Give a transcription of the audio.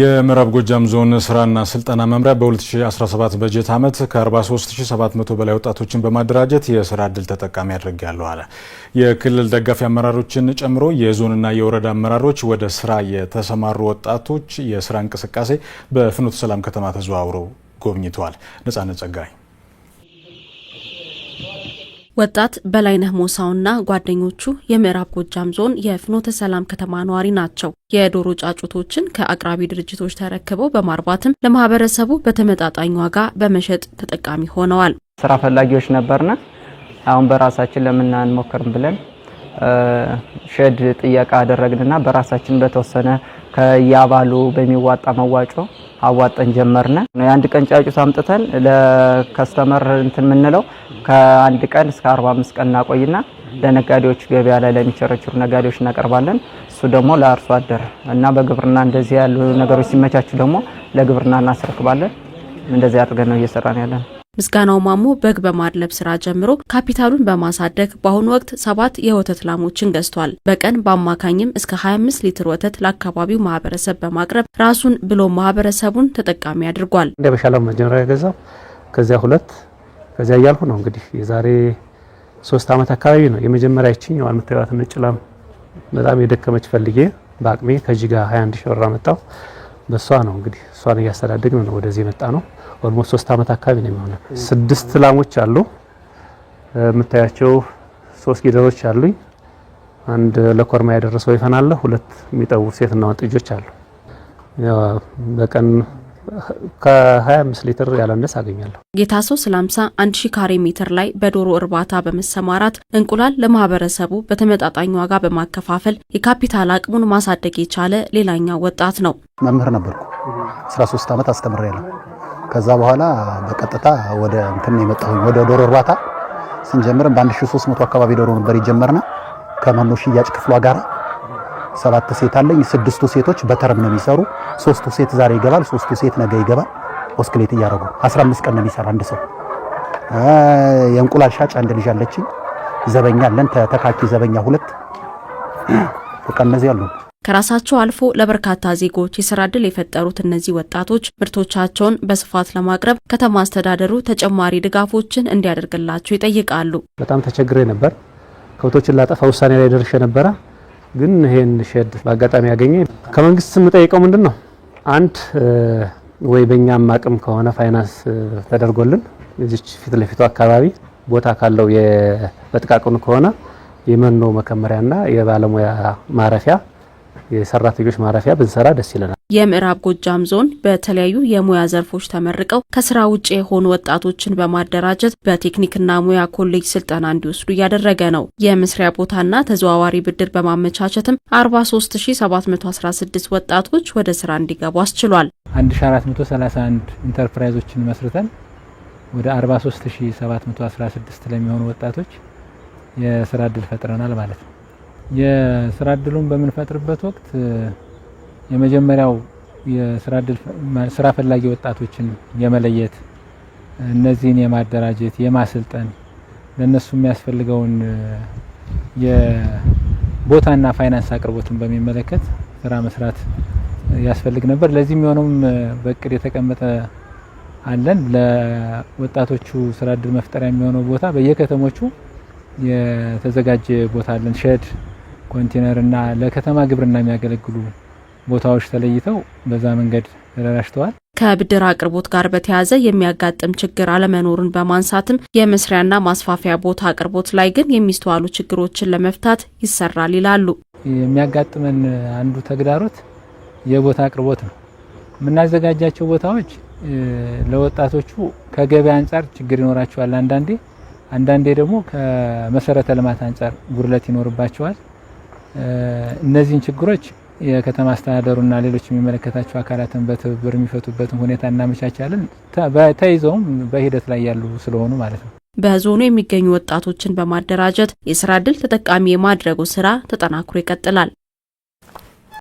የምዕራብ ጎጃም ዞን ስራና ስልጠና መምሪያ በ2017 በጀት ዓመት ከ43700 በላይ ወጣቶችን በማደራጀት የስራ እድል ተጠቃሚ ያለው አለ። የክልል ደጋፊ አመራሮችን ጨምሮ የዞንና የወረዳ አመራሮች ወደ ስራ የተሰማሩ ወጣቶች የስራ እንቅስቃሴ በፍኖተ ሰላም ከተማ ተዘዋውረው ጎብኝተዋል። ነጻነት ጸጋይ ወጣት በላይነህ ሞሳውና ጓደኞቹ የምዕራብ ጎጃም ዞን የፍኖተ ሰላም ከተማ ነዋሪ ናቸው። የዶሮ ጫጩቶችን ከአቅራቢ ድርጅቶች ተረክበው በማርባትም ለማህበረሰቡ በተመጣጣኝ ዋጋ በመሸጥ ተጠቃሚ ሆነዋል። ስራ ፈላጊዎች ነበርና አሁን በራሳችን ለምን አንሞክርም ብለን ሸድ ጥያቄ አደረግንና በራሳችን በተወሰነ ከየአባሉ በሚዋጣ መዋጮ አዋጠን ጀመርነ። የአንድ ቀን ጫጩት አምጥተን ለከስተመር እንትን የምንለው ከአንድ ቀን እስከ 45 ቀን እናቆይና ለነጋዴዎች ገበያ ላይ ለሚቸረችሩ ነጋዴዎች እናቀርባለን። እሱ ደግሞ ለአርሶ አደር እና በግብርና እንደዚህ ያሉ ነገሮች ሲመቻቹ ደግሞ ለግብርና እናስረክባለን። እንደዚህ አድርገን ነው እየሰራን ያለነው። ምስጋናው ማሞ በግ በማድለብ ስራ ጀምሮ ካፒታሉን በማሳደግ በአሁኑ ወቅት ሰባት የወተት ላሞችን ገዝቷል። በቀን በአማካኝም እስከ 25 ሊትር ወተት ለአካባቢው ማህበረሰብ በማቅረብ ራሱን ብሎ ማህበረሰቡን ተጠቃሚ አድርጓል። እንደ በሻላ መጀመሪያ ገዛው፣ ከዚያ ሁለት ከዚያ እያልኩ ነው እንግዲህ የዛሬ ሶስት ዓመት አካባቢ ነው የመጀመሪያ ይችኝ የምታዩት ነጭ ላም በጣም የደከመች ፈልጌ በአቅሜ ከጂጋ 21 ሺ ወራ መጣው በእሷ ነው እንግዲህ እሷን እያስተዳደግን ነው ወደዚህ የመጣ ነው። ኦልሞስት ሶስት አመት አካባቢ ነው የሚሆነ። ስድስት ላሞች አሉ የምታያቸው። ሶስት ጊደሮች አሉኝ። አንድ ለኮርማ ያደረሰው ይፈናለ፣ ሁለት የሚጠቡ ሴትና ወንድ ጥጆች አሉ በቀን ከ25 ሊትር ያላነስ አገኛለሁ። ጌታ ሰው ስለ 50 ሺ ካሬ ሜትር ላይ በዶሮ እርባታ በመሰማራት እንቁላል ለማህበረሰቡ በተመጣጣኝ ዋጋ በማከፋፈል የካፒታል አቅሙን ማሳደግ የቻለ ሌላኛው ወጣት ነው። መምህር ነበርኩ 13 ዓመት አስተምሬያለሁ። ከዛ በኋላ በቀጥታ ወደ እንትን የመጣሁኝ ወደ ዶሮ እርባታ ስንጀምርም በ1300 አካባቢ ዶሮ ነበር ይጀመርና ከመኖ ሽያጭ ክፍሏ ጋር ሰባት ሴት አለኝ። ስድስቱ ሴቶች በተርም ነው የሚሰሩ። ሶስቱ ሴት ዛሬ ይገባል፣ ሶስቱ ሴት ነገ ይገባል። ኦስክሌት እያደረጉ 15 ቀን ነው የሚሰራ አንድ ሰው። የእንቁላል ሻጭ አንድ ልጅ አለችኝ። ዘበኛ አለን፣ ተካኪ ዘበኛ ሁለት። በቃ እነዚህ አሉ። ከራሳቸው አልፎ ለበርካታ ዜጎች የስራ ዕድል የፈጠሩት እነዚህ ወጣቶች ምርቶቻቸውን በስፋት ለማቅረብ ከተማ አስተዳደሩ ተጨማሪ ድጋፎችን እንዲያደርግላቸው ይጠይቃሉ። በጣም ተቸግሬ ነበር። ከብቶችን ላጠፋ ውሳኔ ላይ ደርሼ ነበረ። ግን ይሄን ሼድ በአጋጣሚ ያገኘ ከመንግስት የምጠይቀው ምንድን ነው አንድ ወይ በእኛም አቅም ከሆነ ፋይናንስ ተደርጎልን እዚች ፊት ለፊቱ አካባቢ ቦታ ካለው በጥቃቅኑ ከሆነ የመኖ መከመሪያና የባለሙያ ማረፊያ የሰራተኞች ማረፊያ ብንሰራ ደስ ይለናል። የምዕራብ ጎጃም ዞን በተለያዩ የሙያ ዘርፎች ተመርቀው ከስራ ውጭ የሆኑ ወጣቶችን በማደራጀት በቴክኒክና ሙያ ኮሌጅ ስልጠና እንዲወስዱ እያደረገ ነው። የመስሪያ ቦታና ተዘዋዋሪ ብድር በማመቻቸትም 43716 ወጣቶች ወደ ስራ እንዲገቡ አስችሏል። 1431 ኢንተርፕራይዞችን መስርተን ወደ 43716 ለሚሆኑ ወጣቶች የስራ እድል ፈጥረናል ማለት ነው። የስራ እድሉን በምንፈጥርበት ወቅት የመጀመሪያው ስራ ፈላጊ ወጣቶችን የመለየት እነዚህን የማደራጀት የማሰልጠን ለእነሱ የሚያስፈልገውን የቦታና ፋይናንስ አቅርቦትን በሚመለከት ስራ መስራት ያስፈልግ ነበር። ለዚህ የሚሆነውም በእቅድ የተቀመጠ አለን። ለወጣቶቹ ስራ እድል መፍጠሪያ የሚሆነው ቦታ በየከተሞቹ የተዘጋጀ ቦታ አለን። ሸድ ኮንቴነር እና ለከተማ ግብርና የሚያገለግሉ ቦታዎች ተለይተው በዛ መንገድ ተደራጅተዋል። ከብድር አቅርቦት ጋር በተያያዘ የሚያጋጥም ችግር አለመኖሩን በማንሳትም የመስሪያና ማስፋፊያ ቦታ አቅርቦት ላይ ግን የሚስተዋሉ ችግሮችን ለመፍታት ይሰራል ይላሉ። የሚያጋጥመን አንዱ ተግዳሮት የቦታ አቅርቦት ነው። የምናዘጋጃቸው ቦታዎች ለወጣቶቹ ከገበያ አንጻር ችግር ይኖራቸዋል። አንዳንዴ አንዳንዴ ደግሞ ከመሰረተ ልማት አንጻር ጉድለት ይኖርባቸዋል። እነዚህን ችግሮች የከተማ አስተዳደሩና ሌሎች የሚመለከታቸው አካላትን በትብብር የሚፈቱበትን ሁኔታ እናመቻቻለን። ተይዘውም በሂደት ላይ ያሉ ስለሆኑ ማለት ነው። በዞኑ የሚገኙ ወጣቶችን በማደራጀት የስራ ድል ተጠቃሚ የማድረጉ ስራ ተጠናክሮ ይቀጥላል።